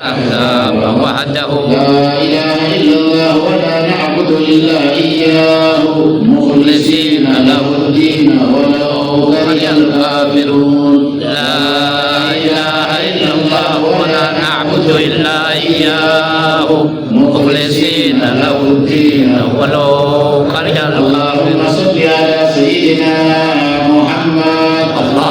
وحده لا إله إلا الله ولا نعبد إلا إياه مخلصين له الدين ولو كره الكافرون لا إله إلا الله ولا نعبد إلا إياه مخلصين له الدين ولو كره الكافرون اللهم صل على سيدنا محمد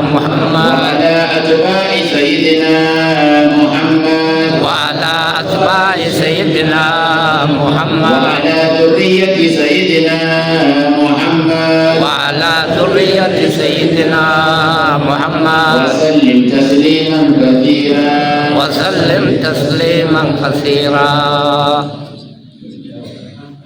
محمد وعلى أتباع سيدنا محمد وعلى أتباع سيدنا محمد وعلى ذرية سيدنا محمد وعلى ذرية سيدنا محمد وسلم تسليما كثيرا وسلم تسليما كثيرا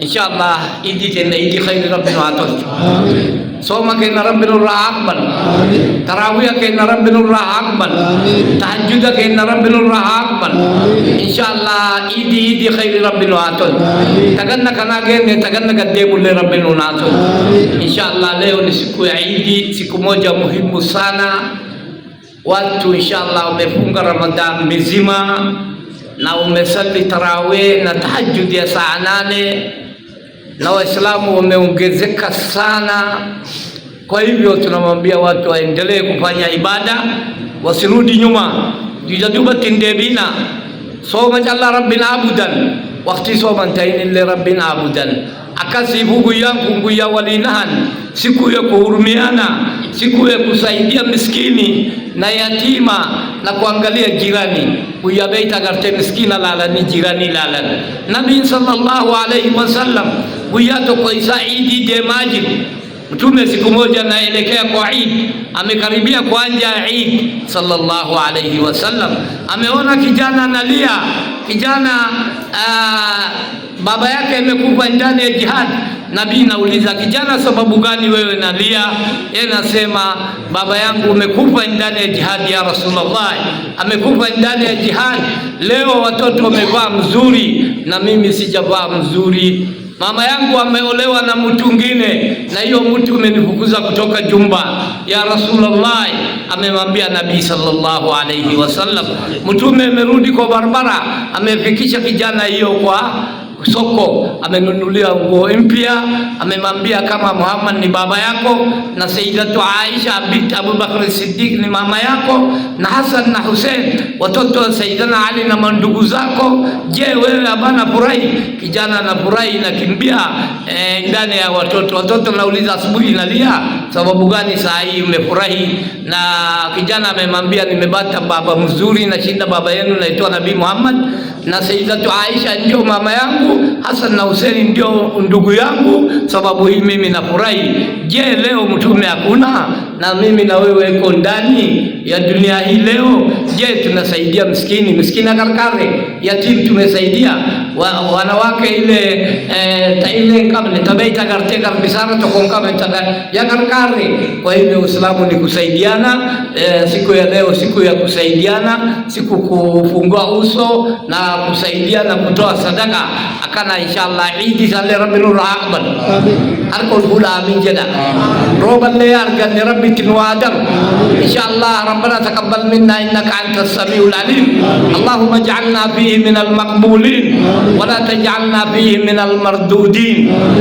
Inshallah, idi jenna idi khairi rabbina atos. Amin. Soma kaina rabbina urra akbar. Amin. Tarawiyah kaina rabbina urra akbar. Amin. Tahajjuda ke na urra akbar. Amin. Inshallah, idi idi khairi rabbina atos. Amin. Taganna kana gene taganna gadde mulle rabbina atos. Amin. Inshallah, leo ni siku ya idi, siku moja muhimu sana. Watu inshallah wamefunga Ramadhan mizima na umesali tarawih na tahajjud ya saa nane na Waislamu wameongezeka sana. Kwa hivyo tunamwambia watu waendelee kufanya ibada, wasirudi nyuma. jujadubatindebina soma alla rabbin abudan wakti somantainile rabbin abudan akasi vuguyangu nguya walinahan siku ya kuhurumiana, siku ya kusaidia miskini na yatima na kuangalia jirani garte miskina lalani jirani lalan nabii sallallahu alayhi wasallam wiyato kwa isa idi de majibu Mtume siku moja anaelekea kwa Eid, amekaribia kuanja Eid sallallahu alayhi wasallam, ameona kijana analia, kijana aa, ah, baba yake amekufa ndani ya jihad. Nabii nauliza kijana, sababu gani wewe nalia? Yeye nasema baba yangu amekufa ndani ya jihad, ya Rasulullah, amekufa ndani ya jihad. Leo watoto wamevaa mzuri na mimi sijavaa mzuri mama yangu ameolewa na mtu mwingine, na hiyo mtu umenifukuza kutoka jumba ya Rasulullah, amemwambia Nabii sallallahu alayhi wasallam. Mtume amerudi kwa barabara, amefikisha kijana hiyo kwa soko, amenunulia nguo mpya, amemwambia kama Muhammad ni baba yako na Sayyidatu Aisha bint Abu Bakr Siddiq ni mama yako na Hassan na Hussein watoto wa Sayyidina Ali na mandugu zako. Je, wewe abana furahi? Kijana na furahi, nakimbia eh, ndani e, ya watoto. Watoto nauliza asubuhi nalia sababu gani saa hii umefurahi Na kijana amemwambia nimebata baba mzuri, na shinda baba yenu naitwa Nabii Muhammad, na Sayyidatu Aisha ndio mama yangu, Hassan na Hussein ndio ndugu yangu, sababu hii mimi nafurahi. Je, leo mtume hakuna na mimi na wewe uko ndani ya dunia hii leo? Je, tunasaidia mskini? Mskini akarikare, yatim tumesaidia wanawake ile e, taile kabla gar bisara to sana tukonga mtada ya karkari. Kwa hivyo Uislamu ni kusaidiana. E, siku ya leo siku ya kusaidiana, siku kufungua uso na kusaidiana kutoa sadaka akana inshallah idi sale rabbi nur aqbal harko hula min jada roban le argan rabbi tin wadar inshallah rabbana taqabbal minna innaka antas samiul alim allahumma ij'alna fihi min al maqbulin ولا تجعلنا فيه من المردودين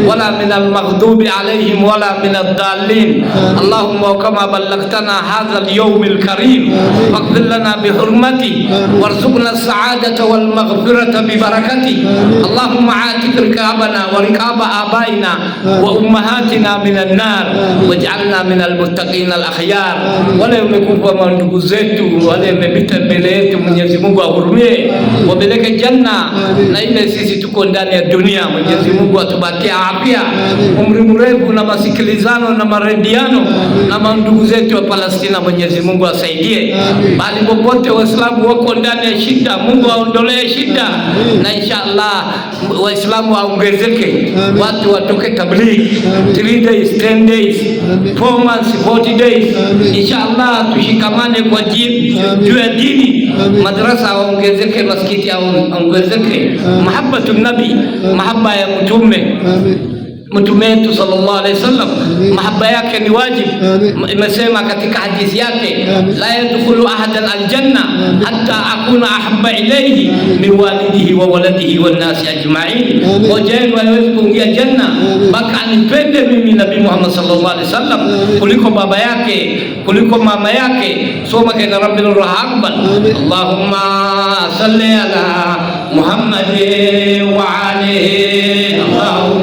ولا من المغضوب عليهم ولا من الضالين اللهم وكما بلغتنا هذا اليوم الكريم واغفر لنا بحرمتي وارزقنا السعادة والمغفرة ببركتي اللهم عاتق ركابنا وركاب آبائنا وأمهاتنا من النار واجعلنا من المتقين الأخيار ولا يمكن فما zetu ولا يمكن mbele بليت من Mungu ahurumie wapeleke الجنة Pengine sisi tuko ndani ya dunia. Mwenyezi Mungu atubakie afya, umri mrefu na masikilizano na marediano na mandugu zetu wa Palestina. Mwenyezi Mungu asaidie, bali popote Waislamu wako ndani ya shida, Mungu aondolee shida, na inshallah Waislamu waongezeke, watu watoke tablighi 3 days 10 days 4 months 40 days, inshallah tushikamane kwa juu ya dini, madrasa waongezeke, maskiti waongezeke mahabbatu nabi, mahaba ya mtume mtume wetu sallallahu alaihi wasallam, mahaba yake ni wajib Imesema katika hadithi yake, la yadkhulu ahadan aljanna hatta akuna ahabba ilayhi min walidihi wa waladihi wan nasi ajma'in, wajeni hawezi kuingia janna mpaka anipende mimi Nabii Muhammad sallallahu alaihi wasallam kuliko baba yake kuliko mama yake. Soma kana rabbil rahman allahumma salli ala محمد وعلي اللهم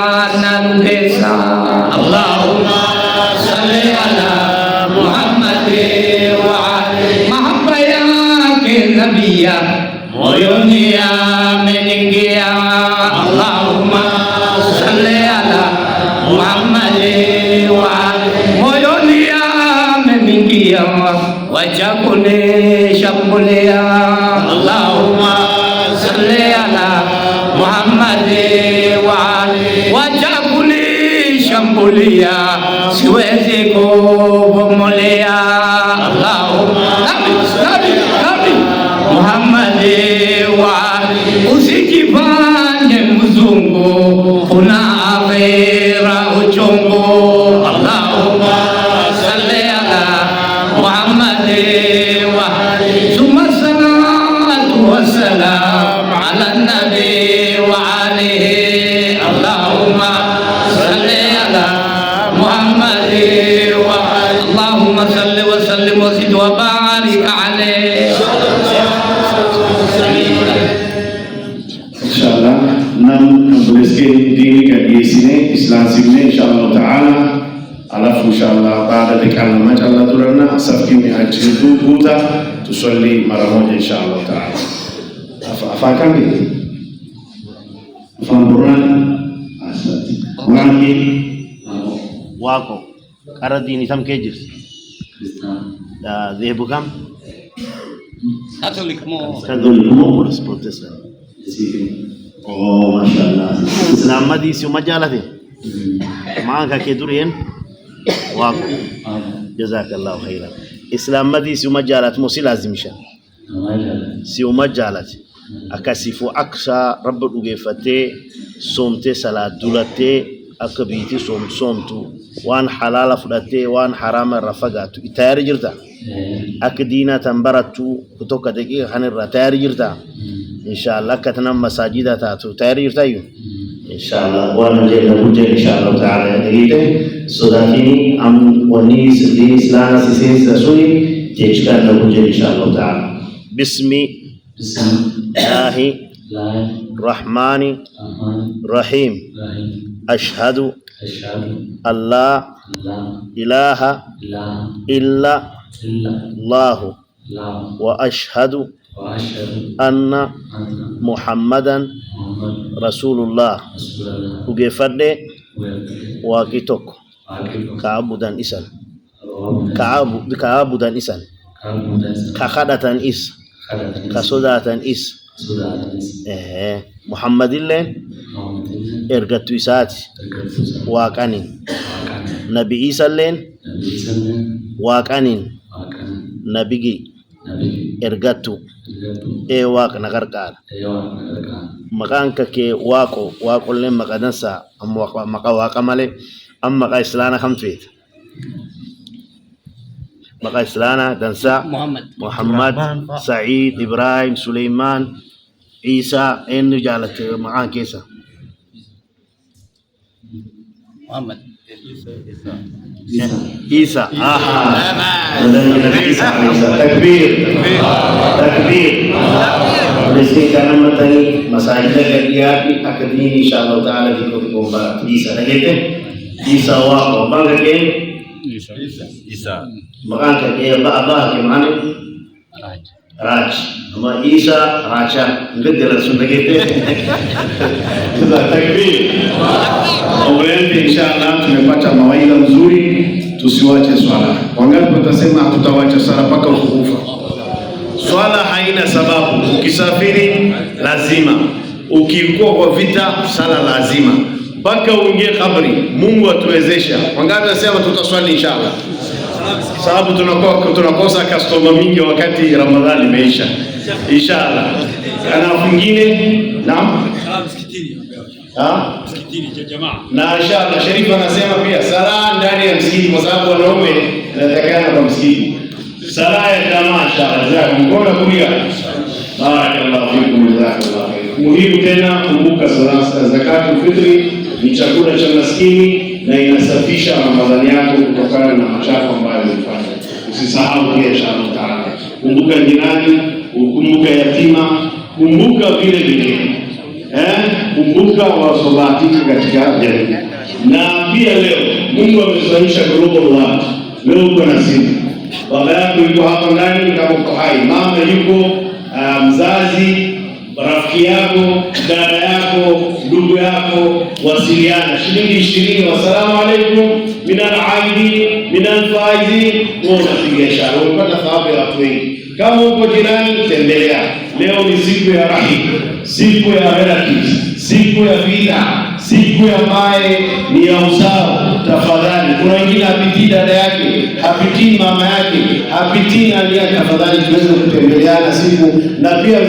kulia, moyoni ameniingia. Allahumma salli ala Muhammad wa moyoni ameniingia, wacha kunishambulia. Allahumma salli ala Muhammad wa wacha kunishambulia, siwezi kuvumilia tuswali mara moja insha Allah taala. Afakambi famburan asante wangi wako karadini sam kejis da dhehebu kam Catholic mo Catholic mo Protestant oh mashallah Islamadi si majalati maanka kedurien wako jazakallahu khairan اسلام مدي سيوما جالت موسي لازم شان سيوما جالت اكاسيفو اكسا رب دوغيفتي صومتي صلاه دولتي اكبيتي صوم صومتو وان حلال فدتي وان حرام رفغاتو تيار جرتا إيه. اك دينا تنبرتو كتوك دقي خن تيار جرتا ان شاء الله كتنا مساجد تاتو تيار جرتا ان شاء الله وانا جاي ان شاء الله تعالى directe, so that he am wanis lis lana sisi sasui jechkan na kuja inshallah taala. Bismi Lahi Rahmani Rahim Ashhadu Allah ilaha illa الله وأشهد أن محمدا رسول الله وقفرني waaqii tokko ka'abuudhaan isan ka'abuudhaan isan ka kadhatan isa ka sodaatan isa muhammadilleen ergattu isaati waaqaniin nabi iisalleen waaqaniin nabigi ergattu ee waaqna qarqaara maqaanka ke wako wako maqadansa maqa waaqa malee maka maqaa islaana kam feet maka islana dansa muhammad sa'id ibrahim sulaiman isa eenyu jaalatte maqaan Isa. muhammad Isa, Isa. تكبير تكبير अपने कारण बताइए मसाइल गलियात की Isa. इन ताला की कोई कोबा ईसा लगेते ईसा वा कोबा के ईसा Raja. का के बाबा के माने Isa राज हम ईसा राजा गद्दे रसूल लगेते तकबीर umrende inshallah tumepata mawaidha mzuri tusiwache swala wangapi watasema hatutawacha swala mpaka ukufa Swala haina sababu. Ukisafiri lazima, ukikuwa kwa vita sala lazima, mpaka uingie kabri. Mungu atuwezesha. Wangapi nasema tutaswali inshallah, sababu tunakosa tunakosa customer mingi wakati Ramadhani imeisha, inshallah. Ana mwingine naam, na inshallah. Sharifu anasema pia sala ndani ya msikiti, kwa sababu wanaume inatakana kwa msikiti sanaa ya tamasha zako kulia. Barakallahu fikum, jazakallahu khairan. Muhimu tena, kumbuka zakatu fitri ni chakula cha maskini na inasafisha Ramadhani yako kutokana na machafu ambayo ulifanya. Usisahau pia inshallah taala, kumbuka jirani, kumbuka yatima, kumbuka vile vile eh, kumbuka wasobahatika katika jamii. Na pia leo Mungu amesalisha global watu leo uko na simu baba yako yuko hapo ndani kama uko hai, mama yuko uh, mzazi, rafiki yako, dada yako, ndugu yako, wasiliana shilingi ishirini, wassalamu alaikum minal aidin minal faizin, unapiga ishara, unapata thawabu ya watu wengi. Kama uko jirani, tembelea. Leo ni siku ya rahim, siku ya relatives, siku ya vita, siku ambaye ni ya usawa tafadhali. Kuna wengine hapitii dada yake, hapitii mama yake, hapitii ali yake. Tafadhali tuweze kutembeleana siku na pia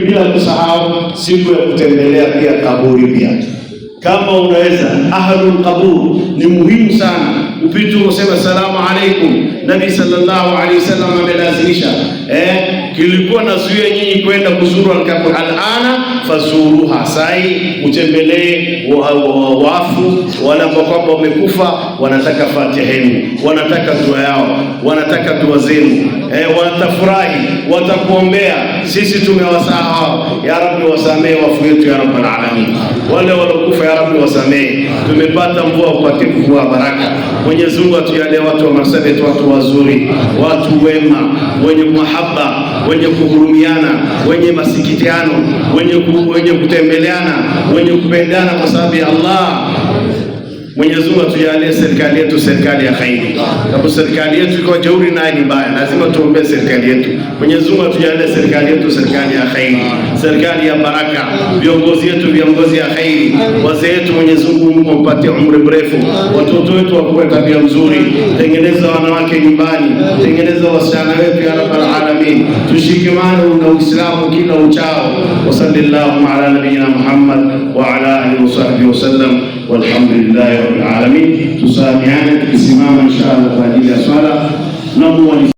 bila kusahau siku ya kutembelea pia kaburi pia kama unaweza ahlul qabur ni muhimu sana. Upite useme salamu alaikum, Nabii sallallahu alaihi wasallam amelazimisha eh kilikuwa nazuia nyinyi kwenda kuzuru alkabu alana fazuruha sai, utembelee wafu wanapo kwamba wamekufa, wanataka fatihenu, wanataka dua yao, wanataka dua zenu eh, watafurahi, watakuombea. Sisi tumewasahau, ya Rabbi wasamehe wafu wetu, ya Rabbi alamin, wale walokufa, ya Rabbi wasamehe. Tumepata mvua, upate kuvua baraka. Mwenyezi Mungu atujalie watu wa masabe, watu wazuri, watu wema, wenye mahaba wenye kuhurumiana, wenye masikitiano, wenye, ku, wenye kutembeleana, wenye kupendana kwa sababu ya Allah. Mwenyezi Mungu atujalie serikali yetu serikali ya khairi, sababu serikali yetu iko jeuri naye ni mbaya. Lazima tuombee serikali yetu. Mwenyezi Mungu atujalie serikali yetu serikali ya khairi serikali ya baraka, viongozi wetu viongozi ya khairi, wazee wetu Mwenyezi Mungu Mungu ampatie umri mrefu, watoto wetu wakuwe tabia nzuri, tengeneza wanawake nyumbani, tengeneza wasichana wetu ya rabbal alamin, tushikamane na Uislamu kila uchao. Wasallallahu ala nabiyina Muhammad wa ala alihi wasahbihi wasallam, walhamdulillahi rabbil alamin. Tusamiane tukisimama inshallah kwa ajili ya swala na